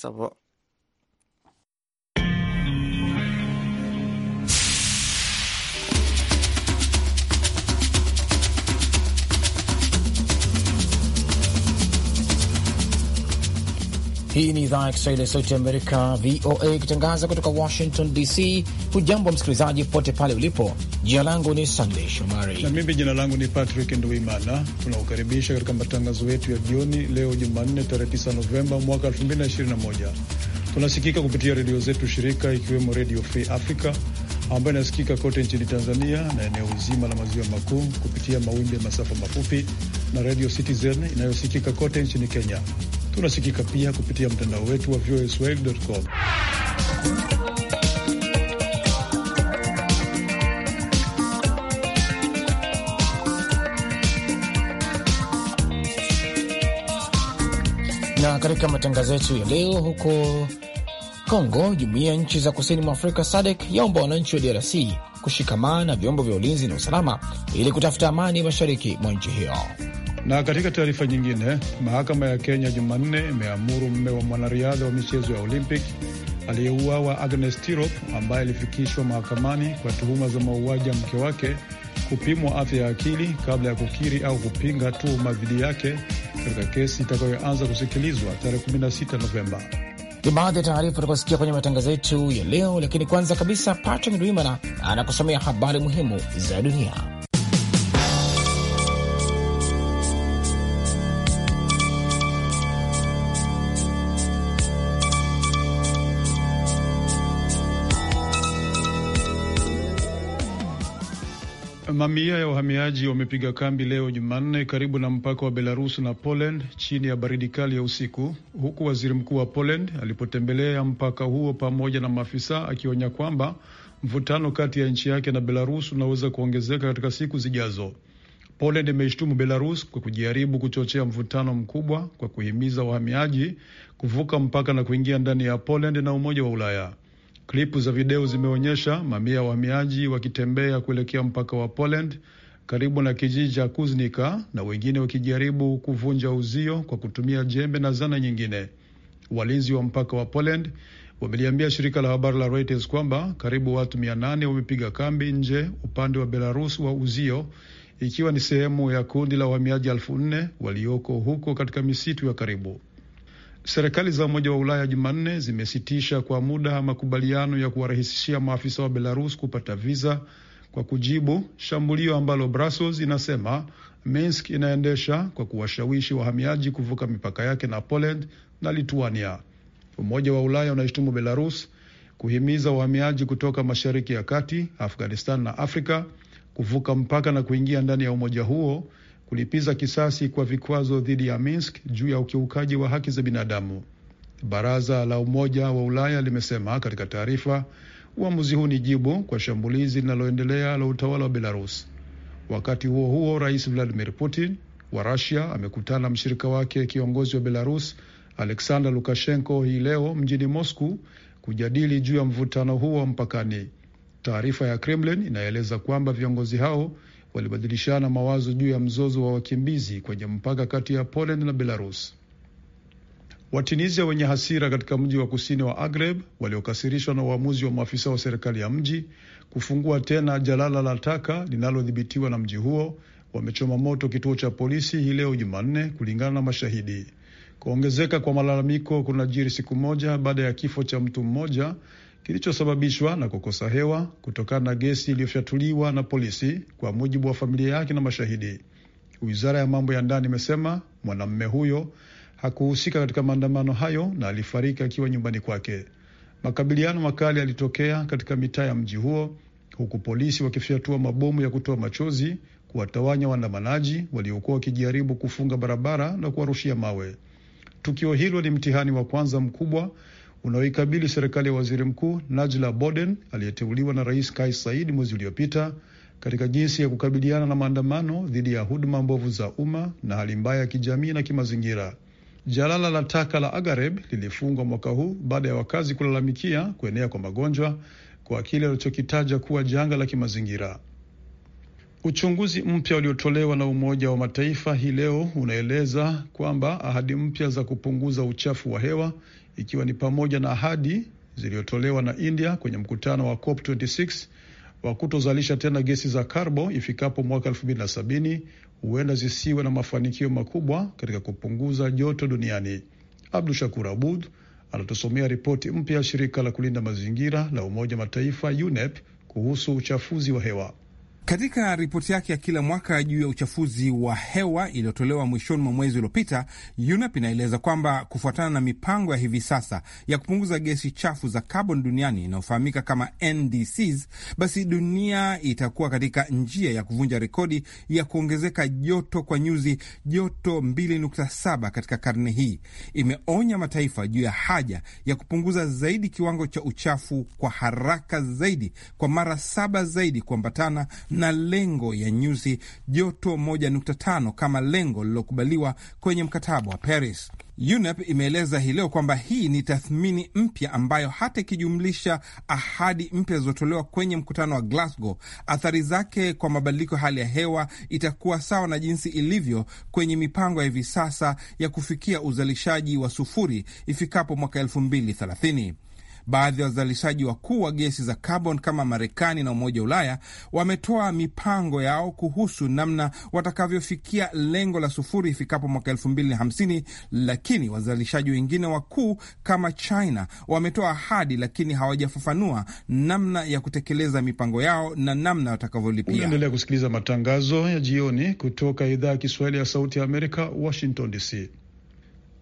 咋不？Hii ni idhaa ya Kiswahili ya Sauti ya Amerika, VOA, ikitangaza kutoka Washington DC. Hujambo msikilizaji, popote pale ulipo. Jina langu ni Sandey Shomari na mimi jina langu ni Patrick Nduimana. Tunakukaribisha katika matangazo yetu ya jioni leo Jumanne, tarehe 9 Novemba mwaka 2021. Tunasikika kupitia redio zetu shirika, ikiwemo Redio Free Africa ambayo inasikika kote nchini Tanzania na eneo zima la maziwa makuu kupitia mawimbi ya masafa mafupi na Radio Citizen inayosikika kote nchini Kenya. Tunasikika pia kupitia mtandao wetu wa voaswahili.com. Na katika matangazo yetu ya leo huko Kongo, jumuiya ya nchi za kusini mwa Afrika SADEK yaomba wananchi wa DRC kushikamana na vyombo vya ulinzi na usalama ili kutafuta amani mashariki mwa nchi hiyo. Na katika taarifa nyingine, mahakama ya Kenya Jumanne imeamuru mme wa mwanariadha wa michezo ya Olympic aliyeuawa Agnes Tirop, ambaye alifikishwa mahakamani kwa tuhuma za mauaji ya mke wake, kupimwa afya ya akili kabla ya kukiri au kupinga tuhuma dhidi yake katika kesi itakayoanza kusikilizwa tarehe 16 Novemba ni baadhi ya taarifa utakaosikia kwenye matangazo yetu ya leo, lakini kwanza kabisa, Patrick Dwimana anakusomea habari muhimu za dunia. Mamia ya wahamiaji wamepiga kambi leo Jumanne karibu na mpaka wa Belarus na Poland chini ya baridi kali ya usiku, huku waziri mkuu wa Poland alipotembelea mpaka huo pamoja na maafisa akionya kwamba mvutano kati ya nchi yake na Belarus unaweza kuongezeka katika siku zijazo. Poland imeishtumu Belarus kwa kujaribu kuchochea mvutano mkubwa kwa kuhimiza wahamiaji kuvuka mpaka na kuingia ndani ya Poland na Umoja wa Ulaya. Klipu za video zimeonyesha mamia ya wahamiaji wakitembea kuelekea mpaka wa Poland karibu na kijiji cha Kuznika na wengine wakijaribu kuvunja uzio kwa kutumia jembe na zana nyingine. Walinzi wa mpaka wa Poland wameliambia shirika la habari la Reuters kwamba karibu watu mia nane wamepiga kambi nje upande wa Belarus wa uzio, ikiwa ni sehemu ya kundi la wahamiaji elfu nne walioko huko katika misitu ya karibu. Serikali za Umoja wa Ulaya Jumanne zimesitisha kwa muda makubaliano ya kuwarahisishia maafisa wa Belarus kupata viza kwa kujibu shambulio ambalo Brussels inasema Minsk inaendesha kwa kuwashawishi wahamiaji kuvuka mipaka yake na Poland na Lituania. Umoja wa Ulaya unashutumu Belarus kuhimiza wahamiaji kutoka Mashariki ya Kati, Afghanistan na Afrika kuvuka mpaka na kuingia ndani ya umoja huo kulipiza kisasi kwa vikwazo dhidi ya Minsk juu ya ukiukaji wa haki za binadamu. Baraza la Umoja wa Ulaya limesema katika taarifa, uamuzi huu ni jibu kwa shambulizi linaloendelea la utawala wa Belarus. Wakati huo huo, Rais Vladimir Putin wa Rusia amekutana mshirika wake kiongozi wa Belarus Alexander Lukashenko hii leo mjini Moscow kujadili juu ya mvutano huo wa mpakani. Taarifa ya Kremlin inaeleza kwamba viongozi hao walibadilishana mawazo juu ya mzozo wa wakimbizi kwenye mpaka kati ya Poland na Belarus. Watunisia wenye hasira katika mji wa kusini wa Agreb waliokasirishwa na uamuzi wa maafisa wa serikali ya mji kufungua tena jalala la taka linalodhibitiwa na mji huo wamechoma moto kituo cha polisi hii leo Jumanne, kulingana na mashahidi. Kuongezeka kwa malalamiko kunajiri siku moja baada ya kifo cha mtu mmoja kilichosababishwa na kukosa hewa kutokana na gesi iliyofyatuliwa na polisi, kwa mujibu wa familia yake na mashahidi. Wizara ya mambo ya ndani imesema mwanamume huyo hakuhusika katika maandamano hayo na alifariki akiwa nyumbani kwake. Makabiliano makali yalitokea katika mitaa ya mji huo huku polisi wakifyatua mabomu ya kutoa machozi kuwatawanya waandamanaji waliokuwa wakijaribu kufunga barabara na kuwarushia mawe. Tukio hilo ni mtihani wa kwanza mkubwa unaoikabili serikali ya waziri mkuu Najla Boden aliyeteuliwa na Rais Kais Said mwezi uliopita katika jinsi ya kukabiliana na maandamano dhidi ya huduma mbovu za umma na hali mbaya ya kijamii na kimazingira. Jalala la taka la Agareb lilifungwa mwaka huu baada ya wakazi kulalamikia kuenea kwa magonjwa kwa kile walichokitaja kuwa janga la kimazingira. Uchunguzi mpya uliotolewa na Umoja wa Mataifa hii leo unaeleza kwamba ahadi mpya za kupunguza uchafu wa hewa ikiwa ni pamoja na ahadi ziliyotolewa na India kwenye mkutano wa COP 26 wa kutozalisha tena gesi za karbo ifikapo mwaka 2070 huenda zisiwe na mafanikio makubwa katika kupunguza joto duniani. Abdu Shakur Abud anatusomea ripoti mpya ya shirika la kulinda mazingira la Umoja Mataifa UNEP kuhusu uchafuzi wa hewa. Katika ripoti yake ya kila mwaka juu ya uchafuzi wa hewa iliyotolewa mwishoni mwa mwezi uliopita, UNEP inaeleza kwamba kufuatana na mipango ya hivi sasa ya kupunguza gesi chafu za kaboni duniani inayofahamika kama NDCs, basi dunia itakuwa katika njia ya kuvunja rekodi ya kuongezeka joto kwa nyuzi joto 2.7 katika karne hii. Imeonya mataifa juu ya haja ya kupunguza zaidi kiwango cha uchafu kwa haraka zaidi, kwa mara saba zaidi kuambatana na lengo ya nyuzi joto 1.5 kama lengo lililokubaliwa kwenye mkataba wa Paris. UNEP imeeleza hii leo kwamba hii ni tathmini mpya ambayo hata ikijumlisha ahadi mpya zilizotolewa kwenye mkutano wa Glasgow, athari zake kwa mabadiliko ya hali ya hewa itakuwa sawa na jinsi ilivyo kwenye mipango ya hivi sasa ya kufikia uzalishaji wa sufuri ifikapo mwaka 2030. Baadhi ya wazalishaji wakuu wa gesi za carbon kama Marekani na Umoja wa Ulaya wametoa mipango yao kuhusu namna watakavyofikia lengo la sufuri ifikapo mwaka 250 lakini wazalishaji wengine wakuu kama China wametoa ahadi, lakini hawajafafanua namna ya kutekeleza mipango yao na namna watakavyolipia. Unaendelea kusikiliza matangazo ya jioni kutoka idhaa ya Kiswahili ya Sauti ya Amerika, Washington DC.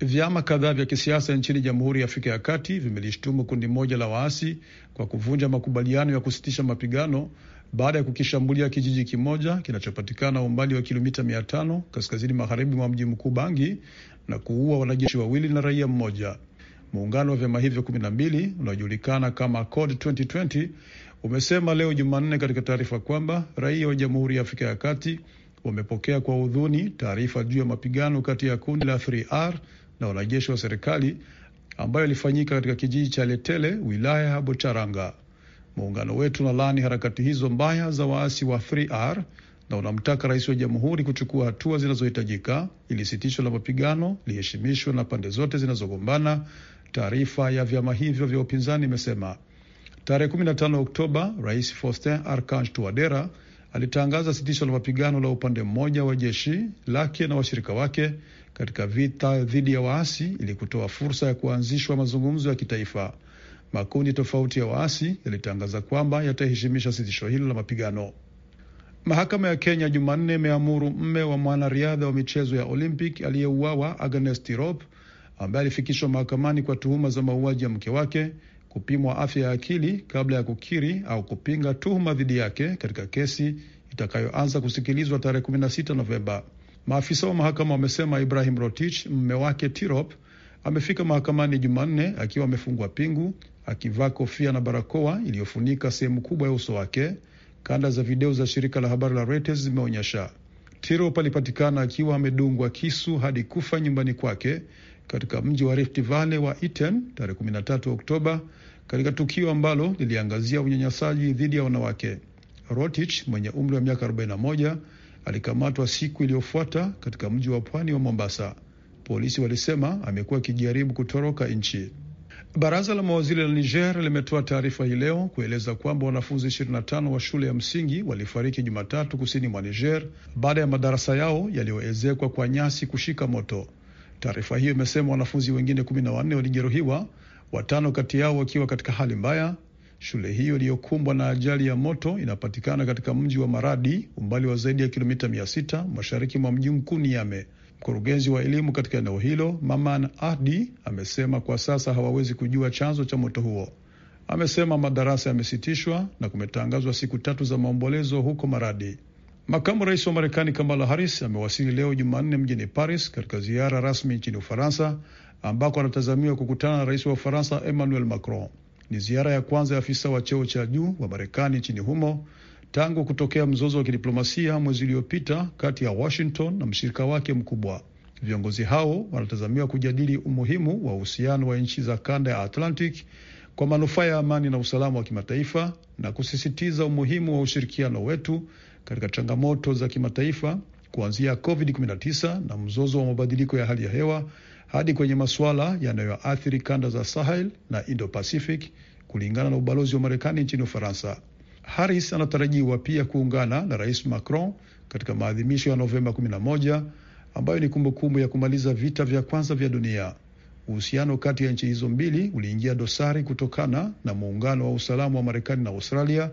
Vyama kadhaa vya kisiasa nchini Jamhuri ya Afrika ya Kati vimelishtumu kundi moja la waasi kwa kuvunja makubaliano ya kusitisha mapigano baada ya kukishambulia kijiji kimoja kinachopatikana umbali wa kilomita mia tano kaskazini magharibi mwa mji mkuu Bangi na kuua wanajeshi wawili na raia mmoja. Muungano wa vyama hivyo kumi na mbili unaojulikana kama CORD 2020 umesema leo Jumanne katika taarifa kwamba raia wa Jamhuri ya Afrika ya Kati wamepokea kwa huzuni taarifa juu ya mapigano kati ya kundi la 3R na wanajeshi wa serikali ambayo ilifanyika katika kijiji cha Letele, wilaya ya Bocharanga. Muungano wetu unalaani harakati hizo mbaya za waasi wa 3R na unamtaka rais wa jamhuri kuchukua hatua zinazohitajika ili sitisho la mapigano liheshimishwe na pande zote zinazogombana, taarifa ya vyama hivyo vya upinzani imesema. Tarehe 15 Oktoba, Rais Faustin Archange Touadera alitangaza sitisho la mapigano la upande mmoja wa jeshi lake na washirika wake katika vita dhidi ya waasi ili kutoa fursa ya kuanzishwa mazungumzo ya kitaifa. Makundi tofauti ya waasi yalitangaza kwamba yataheshimisha sitisho hilo la mapigano. Mahakama ya Kenya Jumanne imeamuru mme wa mwanariadha wa michezo ya Olympic aliyeuawa Agnes Tirop ambaye alifikishwa mahakamani kwa tuhuma za mauaji ya mke wake kupimwa afya ya akili kabla ya kukiri au kupinga tuhuma dhidi yake katika kesi itakayoanza kusikilizwa tarehe 16 Novemba. Maafisa wa mahakama wamesema Ibrahim Rotich, mme wake Tirop, amefika mahakamani Jumanne akiwa amefungwa pingu, akivaa kofia na barakoa iliyofunika sehemu kubwa ya uso wake. Kanda za video za shirika la habari la Reuters zimeonyesha Tirop alipatikana akiwa amedungwa kisu hadi kufa nyumbani kwake katika mji wa Rift Valley wa Iten tarehe 13 Oktoba, katika tukio ambalo liliangazia unyanyasaji dhidi ya wanawake. Rotich mwenye umri wa miaka 41 alikamatwa siku iliyofuata katika mji wa pwani wa Mombasa. Polisi walisema amekuwa akijaribu kutoroka nchi. Baraza la mawaziri la Niger limetoa taarifa hii leo kueleza kwamba wanafunzi 25 wa shule ya msingi walifariki Jumatatu kusini mwa Niger baada ya madarasa yao yaliyoezekwa kwa nyasi kushika moto. Taarifa hiyo imesema wanafunzi wengine 14 walijeruhiwa, watano kati yao wakiwa katika hali mbaya. Shule hiyo iliyokumbwa na ajali ya moto inapatikana katika mji wa Maradi, umbali wa zaidi ya kilomita 600 mashariki mwa mji mkuu Niamey. Mkurugenzi wa elimu katika eneo hilo Maman Ahdi amesema kwa sasa hawawezi kujua chanzo cha moto huo. Amesema madarasa yamesitishwa na kumetangazwa siku tatu za maombolezo huko Maradi. Makamu rais wa Marekani Kamala Harris amewasili leo Jumanne mjini Paris katika ziara rasmi nchini Ufaransa ambako anatazamiwa kukutana na rais wa Ufaransa Emmanuel Macron. Ni ziara ya kwanza ya afisa wa cheo cha juu wa Marekani nchini humo tangu kutokea mzozo wa kidiplomasia mwezi uliopita kati ya Washington na mshirika wake mkubwa. Viongozi hao wanatazamiwa kujadili umuhimu wa uhusiano wa nchi za kanda ya Atlantic kwa manufaa ya amani na usalama wa kimataifa na kusisitiza umuhimu wa ushirikiano wetu katika changamoto za kimataifa kuanzia COVID-19 na mzozo wa mabadiliko ya hali ya hewa hadi kwenye masuala yanayoathiri kanda za Sahel na Indo-Pacific, kulingana na ubalozi wa Marekani nchini Ufaransa. Harris anatarajiwa pia kuungana na Rais Macron katika maadhimisho ya Novemba 11 ambayo ni kumbukumbu ya kumaliza vita vya kwanza vya dunia. Uhusiano kati ya nchi hizo mbili uliingia dosari kutokana na muungano wa usalama wa Marekani na Australia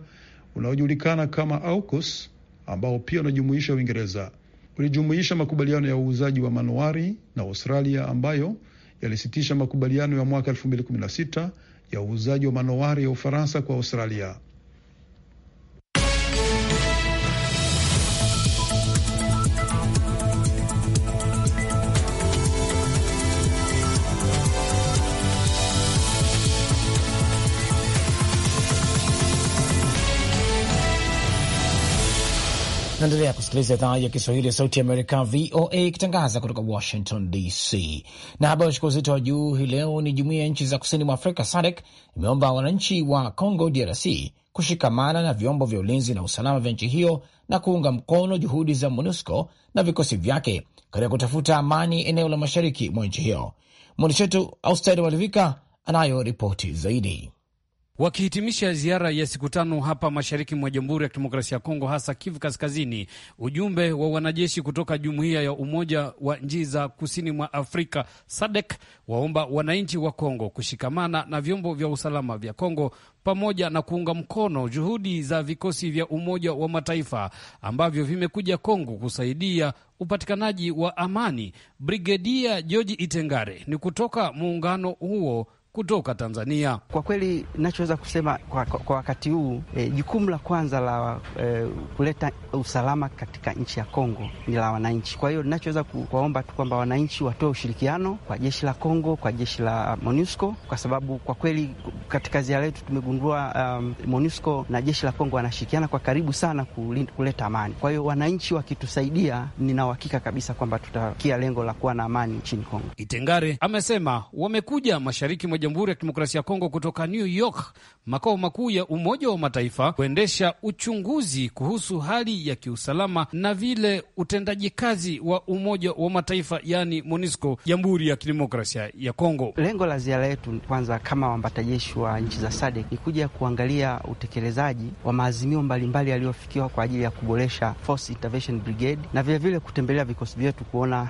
unaojulikana kama AUKUS ambao pia unajumuisha Uingereza. Ulijumuisha makubaliano ya uuzaji wa manowari na Australia ambayo yalisitisha makubaliano ya mwaka 2016 ya uuzaji wa manowari ya Ufaransa kwa Australia. Naendelea kusikiliza idhaa ya Kiswahili ya Sauti ya Amerika, VOA, ikitangaza kutoka Washington DC. Na habari uchukua uzito wa juu hii leo ni jumuiya ya nchi za kusini mwa Afrika, SADC, imeomba wananchi wa Congo DRC kushikamana na vyombo vya ulinzi na usalama vya nchi hiyo na kuunga mkono juhudi za MONUSCO na vikosi vyake katika kutafuta amani eneo la mashariki mwa nchi hiyo. Mwandishi wetu Austeri Malivika anayo ripoti zaidi. Wakihitimisha ziara ya siku tano hapa mashariki mwa Jamhuri ya Kidemokrasia ya Kongo, hasa Kivu Kaskazini, ujumbe wa wanajeshi kutoka Jumuiya ya Umoja wa Nchi za Kusini mwa Afrika sadek waomba wananchi wa Kongo kushikamana na vyombo vya usalama vya Kongo pamoja na kuunga mkono juhudi za vikosi vya Umoja wa Mataifa ambavyo vimekuja Kongo kusaidia upatikanaji wa amani. Brigedia George Itengare ni kutoka muungano huo kutoka Tanzania. Kwa kweli nachoweza kusema kwa, kwa, kwa wakati huu e, jukumu la kwanza la e, kuleta usalama katika nchi ya Kongo ni la wananchi. Kwa hiyo nachoweza kuwaomba tu kwamba wananchi watoe ushirikiano kwa jeshi la Kongo, kwa jeshi la MONUSCO kwa sababu kwa kweli katika ziara yetu tumegundua um, MONUSCO na jeshi la Kongo wanashirikiana kwa karibu sana kuleta amani. Kwa hiyo wananchi wakitusaidia, nina uhakika kabisa kwamba tutafikia lengo la kuwa na amani nchini Kongo. Itengare amesema wamekuja mashariki mwa Jamhuri ya Kidemokrasia ya Kongo kutoka New York, makao makuu ya Umoja wa Mataifa, kuendesha uchunguzi kuhusu hali ya kiusalama na vile utendaji kazi wa Umoja wa Mataifa yani MONUSCO Jamhuri ya Kidemokrasia ya Kongo. Lengo la ziara yetu kwanza, kama wambatajeshi wa nchi za SADC ni kuja kuangalia utekelezaji wa maazimio mbalimbali yaliyofikiwa kwa ajili ya kuboresha Force Intervention Brigade na vilevile vile kutembelea vikosi vyetu kuona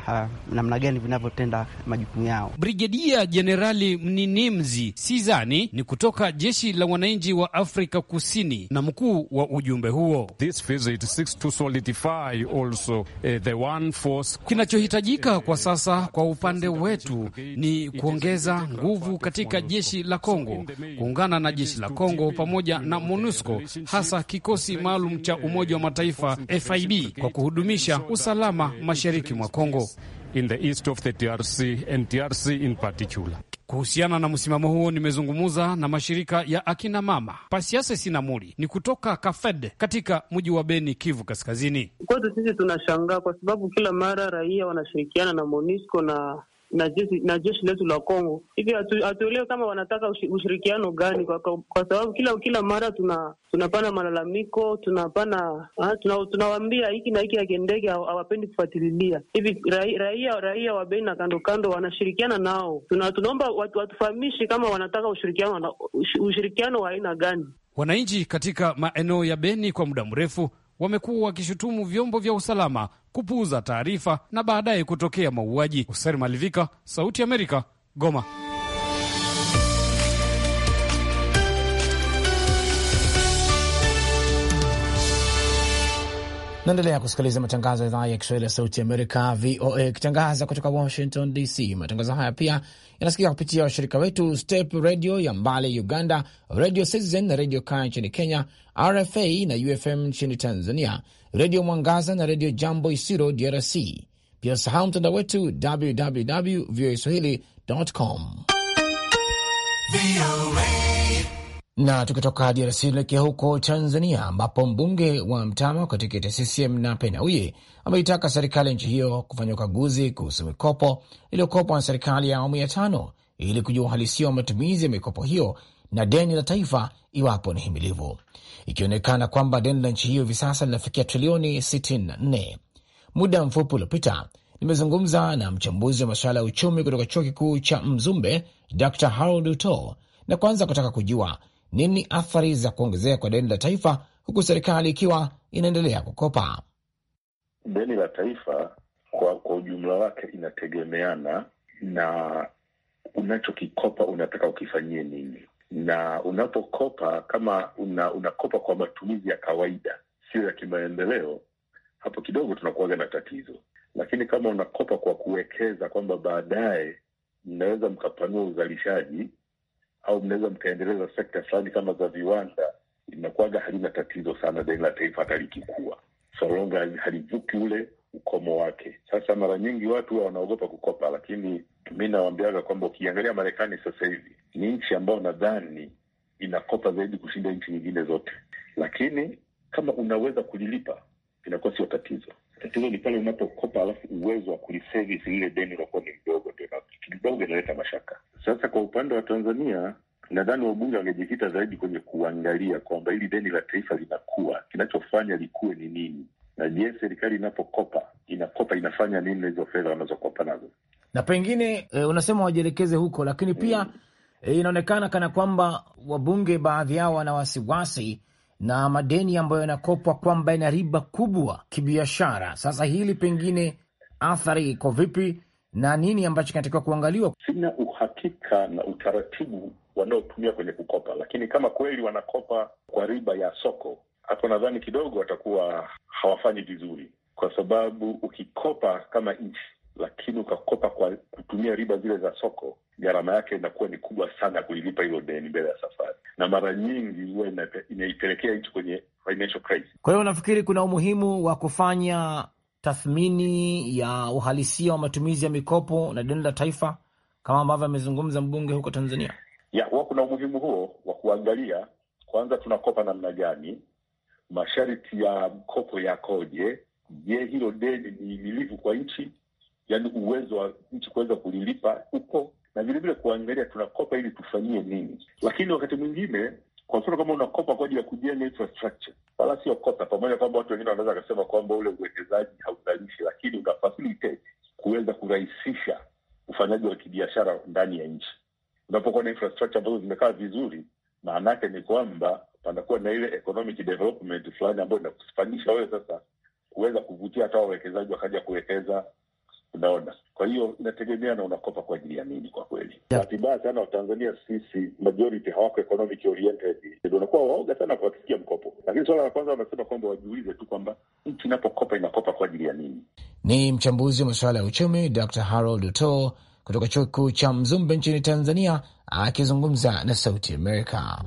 uh, namna gani vinavyotenda majukumu yao. Brigedia Jenerali Mnini Nimzi Sizani ni kutoka jeshi la wananchi wa Afrika Kusini na mkuu wa ujumbe huo. This visit seeks to solidify also, uh, the one force... Kinachohitajika eh, kwa sasa kwa upande wetu ni kuongeza nguvu katika jeshi la Kongo, kuungana na jeshi la Kongo pamoja na MONUSCO, hasa kikosi maalum cha Umoja wa Mataifa FIB kwa kuhudumisha usalama mashariki mwa Kongo. In the east of the DRC and DRC in particular. Kuhusiana na msimamo huo nimezungumza na mashirika ya akina mama. Pasiase Sinamuri ni kutoka Kafed katika mji wa Beni, Kivu Kaskazini. Kwetu sisi tunashangaa kwa sababu kila mara raia wanashirikiana na MONUSCO na na jeshi na jeshi letu la Kongo. Hivi hatuelewe kama wanataka ushirikiano gani, kwa, kwa, kwa sababu kila kila mara tuna tunapana malalamiko tunapana ah, tuna, tunawaambia hiki na hiki akiendeke hawapendi kufuatililia hivi. Raia raia wa Beni na kando kando wanashirikiana nao, tuna tunaomba watu watufahamishi kama wanataka ushirikiano ushirikiano wa aina gani. Wananchi katika maeneo ya Beni kwa muda mrefu wamekuwa wakishutumu vyombo vya usalama kupuuza taarifa na baadaye kutokea mauaji. Hoser Malivika, Sauti ya Amerika, Goma. Naendelea kusikiliza matangazo ya idhaa ya Kiswahili ya Sauti Amerika, VOA, ikitangaza kutoka Washington DC. Matangazo haya pia yanasikika kupitia washirika wetu Step Radio ya Mbale Uganda, Radio Citizen na redio Kaya nchini Kenya, RFA na UFM nchini Tanzania, Redio Mwangaza na Redio Jambo Isiro DRC. Pia sahau mtandao wetu www voa swahili com. Na tukitoka DRC tuelekea huko Tanzania, ambapo mbunge wa Mtama kwa tiketi ya CCM Nape Nnauye ameitaka serikali ya nchi hiyo kufanya ukaguzi kuhusu mikopo iliyokopwa na serikali ya awamu ya tano ili kujua uhalisia wa matumizi ya mikopo hiyo na deni la taifa iwapo ni himilivu, ikionekana kwamba deni la nchi hiyo hivi sasa linafikia trilioni 64. Muda mfupi uliopita nimezungumza na mchambuzi wa masuala ya uchumi kutoka chuo kikuu cha Mzumbe, Dr Harold Uto, na kwanza kutaka kujua nini athari za kuongezeka kwa deni la taifa huku serikali ikiwa inaendelea kukopa? Deni la taifa kwa, kwa ujumla wake inategemeana na unachokikopa unataka ukifanyie nini, na unapokopa kama una, unakopa kwa matumizi ya kawaida, sio ya kimaendeleo, hapo kidogo tunakuaga na tatizo. Lakini kama unakopa kwa kuwekeza kwamba baadaye mnaweza mkapanua uzalishaji au mnaweza mkaendeleza sekta fulani kama za viwanda, inakuwaga halina tatizo sana deni la taifa hata likikua, solonga halivuki ule ukomo wake. Sasa mara nyingi watu wa wanaogopa kukopa, lakini mi nawambiaga kwamba ukiangalia Marekani sasa hivi ni nchi ambayo nadhani inakopa zaidi kushinda nchi nyingine zote, lakini kama unaweza kulilipa inakuwa sio tatizo. Tatizo ni pale unapokopa alafu uwezo wa kuliservice lile deni unakuwa ni mdogo, ndio kidogo inaleta mashaka. Sasa kwa upande wa Tanzania nadhani wabunge wangejikita zaidi kwenye kuangalia kwamba hili deni la taifa linakuwa, kinachofanya likuwe ni nini, na je, serikali inapokopa inakopa inafanya nini na hizo fedha wanazokopa nazo? Na pengine e, unasema wajielekeze huko, lakini pia e, inaonekana kana kwamba wabunge baadhi yao wana wasiwasi na madeni ambayo yanakopwa kwamba ina riba kubwa kibiashara. Sasa hili pengine athari iko vipi na nini ambacho kinatakiwa kuangaliwa? Sina uhakika na utaratibu wanaotumia kwenye kukopa, lakini kama kweli wanakopa kwa riba ya soko, hapo nadhani kidogo watakuwa hawafanyi vizuri, kwa sababu ukikopa kama nchi lakini ukakopa kwa kutumia riba zile za soko, gharama yake inakuwa ni kubwa sana kuilipa hilo deni mbele ya safari, na mara nyingi huwa inaipelekea nchi kwenye financial crisis. Kwa hiyo unafikiri kuna umuhimu wa kufanya tathmini ya uhalisia wa matumizi ya mikopo na deni la taifa kama ambavyo amezungumza mbunge huko Tanzania? Ya, huwa kuna umuhimu huo wa kuangalia kwanza tunakopa namna gani, masharti ya mkopo yakoje? Je, hilo deni ni milivu kwa nchi, yaani uwezo wa nchi kuweza kulilipa huko na vilevile kuangalia tunakopa ili tufanyie nini. Lakini wakati mwingine kwa mfano kama unakopa kwa ajili ya kujenga infrastructure, wala sio kosa, pamoja kwamba watu wengine wanaweza wakasema kwamba ule uwekezaji hauzalishi, lakini una facilitate kuweza kurahisisha ufanyaji wa kibiashara ndani ya nchi. Unapokuwa na infrastructure ambazo zimekaa vizuri, maana yake ni kwamba panakuwa na ile economic development fulani ambayo inakufanisha wewe sasa kuweza kuvutia hata wawekezaji wakaja kuwekeza Unaona, kwa hiyo inategemea na unakopa kwa ajili ya nini. Kwa kweli, bahati mbaya sana Watanzania sisi majority hawako economic oriented, waoga sana kuwafikia mkopo. Lakini suala la kwanza wanasema kwamba wajiulize tu kwamba nchi inapokopa inakopa kwa ajili ya nini. Ni mchambuzi wa masuala ya uchumi Dr Harold Uto kutoka chuo kikuu cha Mzumbe nchini Tanzania akizungumza na Sauti Amerika.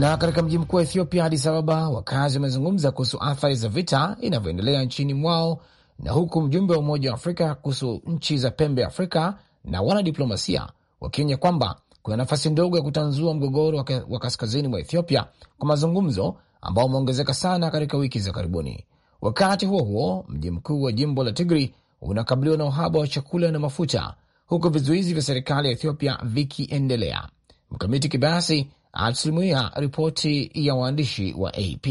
Na katika mji mkuu wa Ethiopia, Addis Ababa, wakazi wamezungumza kuhusu athari za vita inavyoendelea nchini mwao, na huku mjumbe wa Umoja wa Afrika kuhusu nchi za pembe Afrika na wanadiplomasia wakionya kwamba kuna nafasi ndogo ya kutanzua mgogoro wa kaskazini mwa Ethiopia kwa mazungumzo ambao umeongezeka sana katika wiki za karibuni. Wakati huo huo, mji mkuu wa jimbo la Tigri unakabiliwa na uhaba wa chakula na mafuta, huku vizuizi vya serikali ya Ethiopia vikiendelea. Mkamiti Kibayasi alisilimuia ripoti ya waandishi wa AP.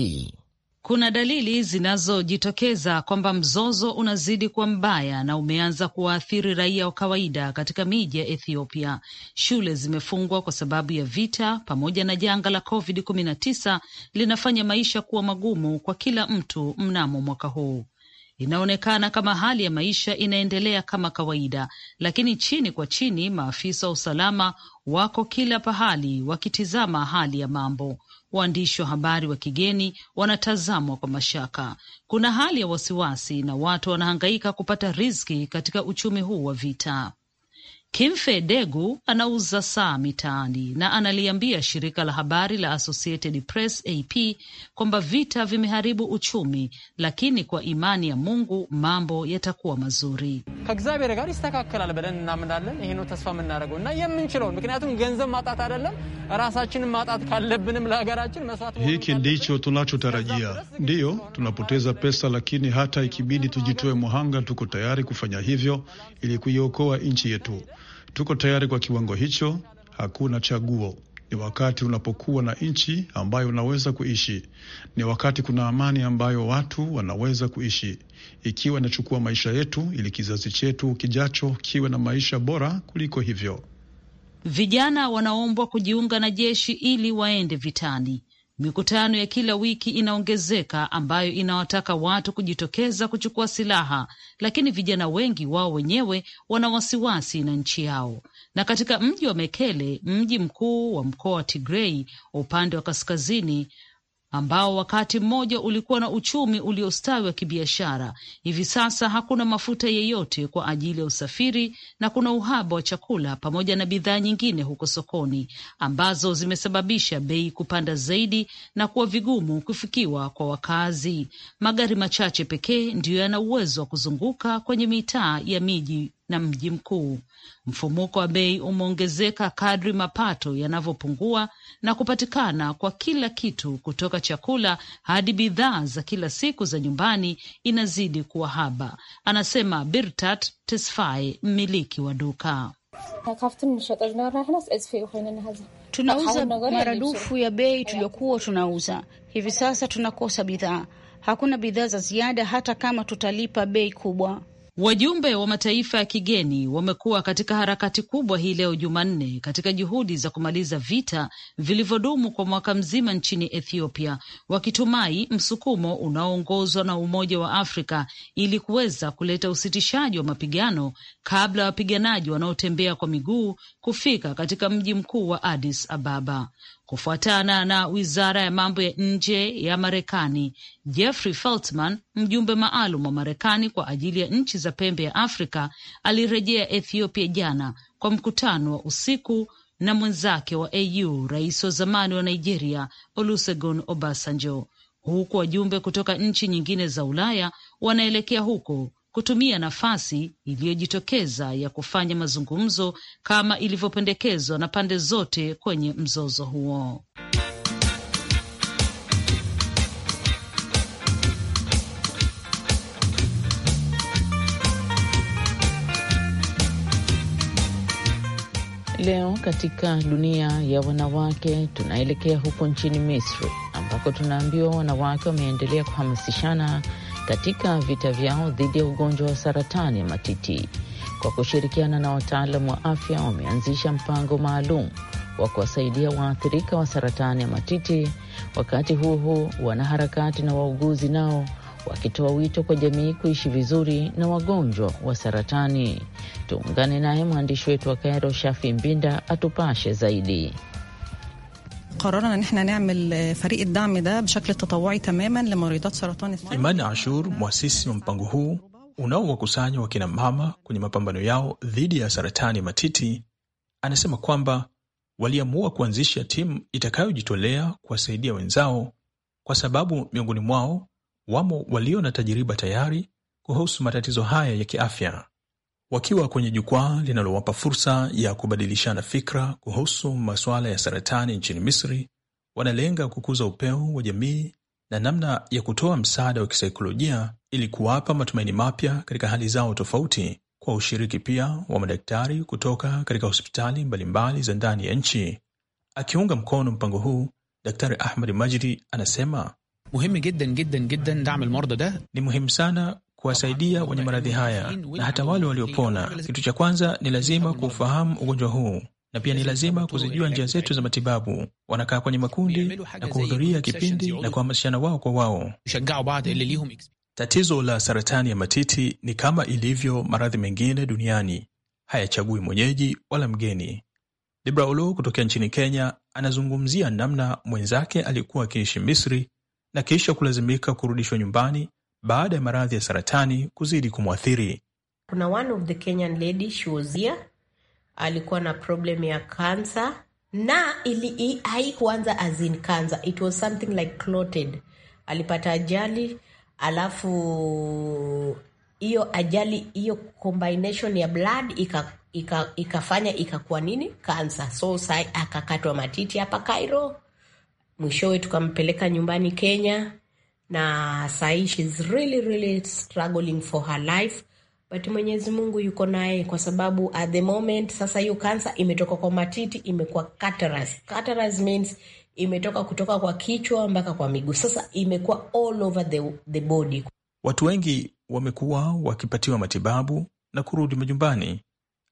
Kuna dalili zinazojitokeza kwamba mzozo unazidi kuwa mbaya na umeanza kuwaathiri raia wa kawaida katika miji ya Ethiopia. Shule zimefungwa kwa sababu ya vita, pamoja na janga la COVID-19 linafanya maisha kuwa magumu kwa kila mtu mnamo mwaka huu. Inaonekana kama hali ya maisha inaendelea kama kawaida, lakini chini kwa chini maafisa wa usalama wako kila pahali wakitizama hali ya mambo. Waandishi wa habari wa kigeni wanatazamwa kwa mashaka. Kuna hali ya wasiwasi na watu wanahangaika kupata riziki katika uchumi huu wa vita. Kimfe Degu anauza saa mitaani na analiambia shirika la habari la Associated Press AP kwamba vita vimeharibu uchumi, lakini kwa imani ya Mungu mambo yatakuwa mazuri. ከእግዚአብሔር ጋር ይስተካከላል ብለን እናምናለን። ይህን ተስፋ የምናደርገው እና የምንችለውን ምክንያቱም ገንዘብ ማጣት አይደለም ራሳችንን ማጣት ካለብንም ለሀገራችን መስዋዕት hiki ndicho tunachotarajia. Ndiyo, tunapoteza pesa, lakini hata ikibidi tujitoe muhanga, tuko tayari kufanya hivyo ili kuiokoa nchi yetu. Tuko tayari kwa kiwango hicho, hakuna chaguo. Ni wakati unapokuwa na nchi ambayo unaweza kuishi, ni wakati kuna amani ambayo watu wanaweza kuishi. Ikiwa inachukua maisha yetu, ili kizazi chetu kijacho kiwe na maisha bora kuliko hivyo. Vijana wanaombwa kujiunga na jeshi ili waende vitani. Mikutano ya kila wiki inaongezeka ambayo inawataka watu kujitokeza kuchukua silaha, lakini vijana wengi wao wenyewe wana wasiwasi na nchi yao. Na katika mji wa Mekele, mji mkuu wa mkoa wa Tigrei upande wa kaskazini, ambao wakati mmoja ulikuwa na uchumi uliostawi wa kibiashara, hivi sasa hakuna mafuta yeyote kwa ajili ya usafiri na kuna uhaba wa chakula pamoja na bidhaa nyingine huko sokoni ambazo zimesababisha bei kupanda zaidi na kuwa vigumu kufikiwa kwa wakazi. Magari machache pekee ndiyo yana uwezo wa kuzunguka kwenye mitaa ya miji na mji mkuu. Mfumuko wa bei umeongezeka kadri mapato yanavyopungua na kupatikana kwa kila kitu kutoka chakula hadi bidhaa za kila siku za nyumbani inazidi kuwa haba, anasema Birtat Tesfaye, mmiliki wa duka. Tunauza maradufu ya bei tuliyokuwa tunauza. Hivi sasa tunakosa bidhaa, hakuna bidhaa za ziada, hata kama tutalipa bei kubwa. Wajumbe wa mataifa ya kigeni wamekuwa katika harakati kubwa hii leo Jumanne katika juhudi za kumaliza vita vilivyodumu kwa mwaka mzima nchini Ethiopia, wakitumai msukumo unaoongozwa na Umoja wa Afrika ili kuweza kuleta usitishaji wa mapigano kabla ya wapiganaji wanaotembea kwa miguu kufika katika mji mkuu wa Addis Ababa kufuatana na wizara ya mambo ya nje ya Marekani. Jeffrey Feltman, mjumbe maalum wa Marekani kwa ajili ya nchi za pembe ya Afrika, alirejea Ethiopia jana kwa mkutano wa usiku na mwenzake wa AU, rais wa zamani wa Nigeria Olusegun Obasanjo, huku wajumbe kutoka nchi nyingine za Ulaya wanaelekea huko kutumia nafasi iliyojitokeza ya kufanya mazungumzo kama ilivyopendekezwa na pande zote kwenye mzozo huo. Leo katika dunia ya wanawake tunaelekea huko nchini Misri ambako tunaambiwa wanawake wameendelea kuhamasishana katika vita vyao dhidi ya ugonjwa wa saratani ya matiti. Kwa kushirikiana na wataalam wa afya, wameanzisha mpango maalum wa kuwasaidia waathirika wa saratani ya matiti. Wakati huo huo, wanaharakati na wauguzi nao wakitoa wito kwa jamii kuishi vizuri na wagonjwa wa saratani. Tuungane naye mwandishi wetu wa Kairo, Shafi Mbinda, atupashe zaidi. قررنا ان احنا نعمل فريق الدعم ده بشكل تطوعي تماما لمريضات سرطان الثدي. Imani Ashur mwasisi wa mpango huu unaowakusanya wakina mama kwenye mapambano yao dhidi ya saratani matiti, anasema kwamba waliamua kuanzisha timu itakayojitolea kuwasaidia wenzao, kwa sababu miongoni mwao wamo walio na tajiriba tayari kuhusu matatizo haya ya kiafya wakiwa kwenye jukwaa linalowapa fursa ya kubadilishana fikra kuhusu masuala ya saratani nchini Misri. Wanalenga kukuza upeo wa jamii na namna ya kutoa msaada wa kisaikolojia ili kuwapa matumaini mapya katika hali zao tofauti, kwa ushiriki pia wa madaktari kutoka katika hospitali mbalimbali za ndani ya nchi. Akiunga mkono mpango huu, Daktari Ahmed Majidi anasema muhimu jiddan jiddan jiddan da, ni muhimu sana kuwasaidia wenye maradhi haya na hata wale waliopona. Kitu cha kwanza ni lazima kuufahamu ugonjwa huu na pia ni lazima kuzijua njia zetu za matibabu. Wanakaa kwenye makundi na kuhudhuria kipindi na kuhamasishana wao kwa wao. Tatizo la saratani ya matiti ni kama ilivyo maradhi mengine duniani, hayachagui mwenyeji wala mgeni. Debra Olo kutokea nchini Kenya anazungumzia namna mwenzake alikuwa akiishi Misri na kisha kulazimika kurudishwa nyumbani baada ya maradhi ya saratani kuzidi kumwathiri. Kuna one of the Kenyan lady she was here, alikuwa na problem ya kansa na ili haikuanza as in it was something like clotted. Alipata ajali alafu hiyo ajali hiyo combination ya blood ika, ika, ikafanya ikakuwa nini kansa. So sai akakatwa matiti hapa Cairo, mwishowe tukampeleka nyumbani Kenya na sahii she's really, really struggling for her life but Mwenyezi Mungu yuko naye kwa sababu at the moment sasa hiyo kansa imetoka kwa matiti imekuwa cataracts. Cataracts means imetoka kutoka kwa kichwa mpaka kwa miguu, sasa imekuwa all over the, the body. Watu wengi wamekuwa wakipatiwa matibabu na kurudi majumbani,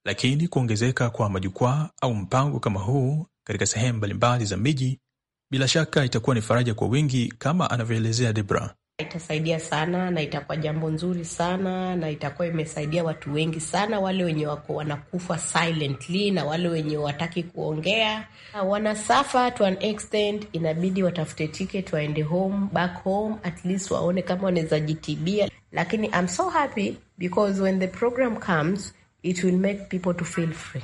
lakini kuongezeka kwa majukwaa au mpango kama huu katika sehemu mbalimbali za miji bila shaka itakuwa ni faraja kwa wengi kama anavyoelezea Debra. Itasaidia sana na itakuwa jambo nzuri sana na itakuwa imesaidia watu wengi sana, wale wenye wako wanakufa silently na wale wenye wataki kuongea wanasafa to an extent, inabidi watafute ticket waende home back home, at least waone kama wanaweza jitibia. Lakini I'm so happy because when the program comes it will make people to feel free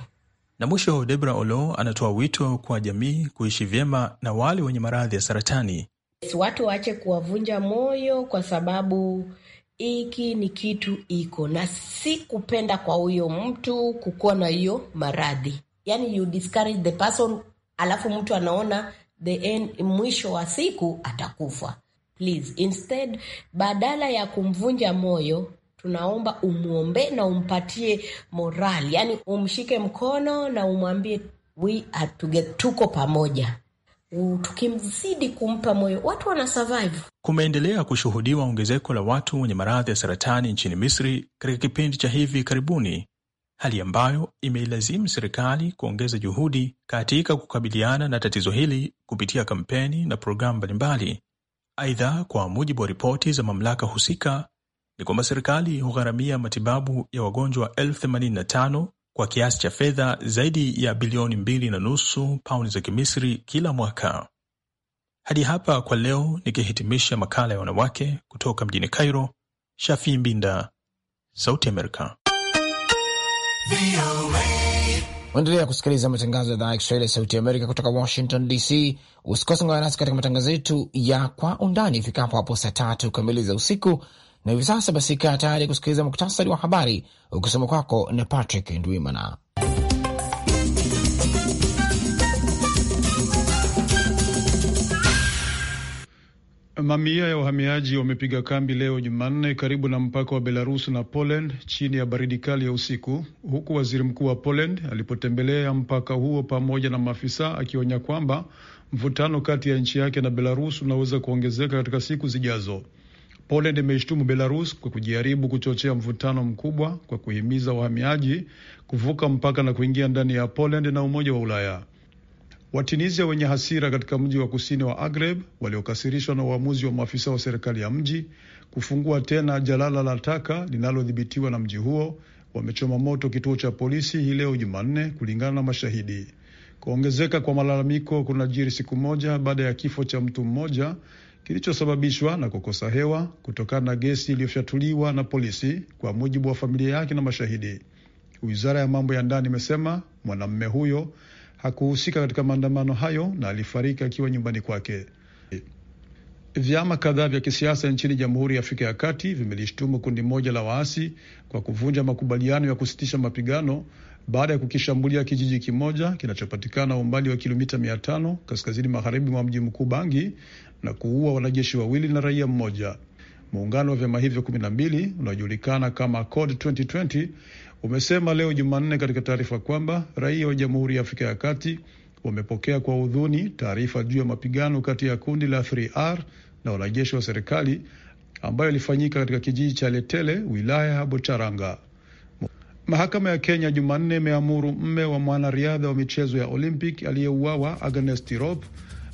na mwisho, Debra Olo anatoa wito kwa jamii kuishi vyema na wale wenye maradhi ya saratani. Watu waache kuwavunja moyo kwa sababu hiki ni kitu iko na si kupenda kwa huyo mtu kukuwa na hiyo maradhi, yani you discourage the person, alafu mtu anaona the end, mwisho wa siku atakufa. Please instead, badala ya kumvunja moyo, tunaomba umwombee na umpatie morali, yani umshike mkono na umwambie we are together, tuko pamoja. Tukimzidi kumpa moyo, watu wana survive. Kumeendelea kushuhudiwa ongezeko la watu wenye maradhi ya saratani nchini Misri katika kipindi cha hivi karibuni, hali ambayo imeilazimu serikali kuongeza juhudi katika kukabiliana na tatizo hili kupitia kampeni na programu mbalimbali. Aidha, kwa mujibu wa ripoti za mamlaka husika, ni kwamba serikali hugharamia matibabu ya wagonjwa elfu kwa kiasi cha fedha zaidi ya bilioni mbili na nusu pauni za Kimisri kila mwaka. Hadi hapa kwa leo, nikihitimisha makala ya wanawake kutoka mjini Cairo. Shafi Mbinda, Sauti Amerika. Endelea kusikiliza matangazo ya idhaa ya Kiswahili ya Sauti Amerika kutoka Washington DC. Usikose, ungana nasi katika matangazo yetu ya Kwa Undani ifikapo hapo saa tatu kamili za usiku na hivi sasa basi, kaa tayari kusikiliza muktasari wa habari ukisoma kwako na Patrick Ndwimana. Mamia ya wahamiaji wamepiga kambi leo Jumanne karibu na mpaka wa Belarus na Poland chini ya baridi kali ya usiku, huku waziri mkuu wa Poland alipotembelea mpaka huo pamoja na maafisa, akionya kwamba mvutano kati ya nchi yake na Belarus unaweza kuongezeka katika siku zijazo. Poland imeishtumu Belarus kwa kujaribu kuchochea mvutano mkubwa kwa kuhimiza wahamiaji kuvuka mpaka na kuingia ndani ya Poland na Umoja wa Ulaya. Watunisia wenye hasira katika mji wa kusini wa Agreb waliokasirishwa na uamuzi wa maafisa wa serikali ya mji kufungua tena jalala la taka linalodhibitiwa na mji huo wamechoma moto kituo cha polisi hii leo Jumanne, kulingana na mashahidi. Kuongezeka kwa malalamiko kunajiri siku moja baada ya kifo cha mtu mmoja kilichosababishwa na kukosa hewa kutokana na gesi iliyofyatuliwa na polisi, kwa mujibu wa familia yake na mashahidi. Wizara ya mambo ya ndani imesema mwanamume huyo hakuhusika katika maandamano hayo na alifariki akiwa nyumbani kwake. Vyama kadhaa vya kisiasa nchini Jamhuri ya Afrika ya Kati vimelishtumu kundi moja la waasi kwa kuvunja makubaliano ya kusitisha mapigano baada ya kukishambulia kijiji kimoja kinachopatikana umbali wa kilomita mia tano kaskazini magharibi mwa mji mkuu Bangi na kuua wanajeshi wawili na raia mmoja. Muungano wa vyama hivyo kumi na mbili unaojulikana kama COD 2020 umesema leo Jumanne katika taarifa kwamba raia wa Jamhuri ya Afrika ya Kati wamepokea kwa huzuni taarifa juu ya mapigano kati ya kundi la 3R na wanajeshi wa serikali ambayo ilifanyika katika kijiji cha Letele, wilaya ya Bocharanga. Mahakama ya Kenya Jumanne imeamuru mme wa mwanariadha wa michezo ya Olympic aliyeuawa Agnes Tirop,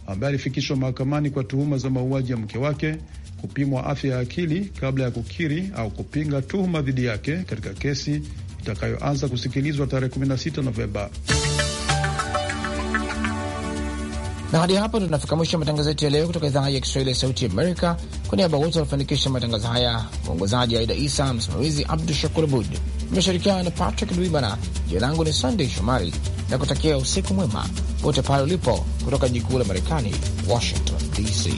ambaye alifikishwa mahakamani kwa tuhuma za mauaji ya mke wake, kupimwa afya ya akili kabla ya kukiri au kupinga tuhuma dhidi yake katika kesi itakayoanza kusikilizwa tarehe 16 Novemba. Na hadi hapo tunafika mwisho wa matangazo yetu ya leo kutoka idhaa ya Kiswahili ya Sauti Amerika. Kwa niaba wote wanafanikisha matangazo haya, mwongozaji Aida Isa, msimamizi Abdu Shakur Abud. Nimeshirikiana na Patrick Dwibana. Jina langu ni Sunday Shomari na kutakia usiku mwema pote pale ulipo, kutoka jikuu la Marekani, Washington DC.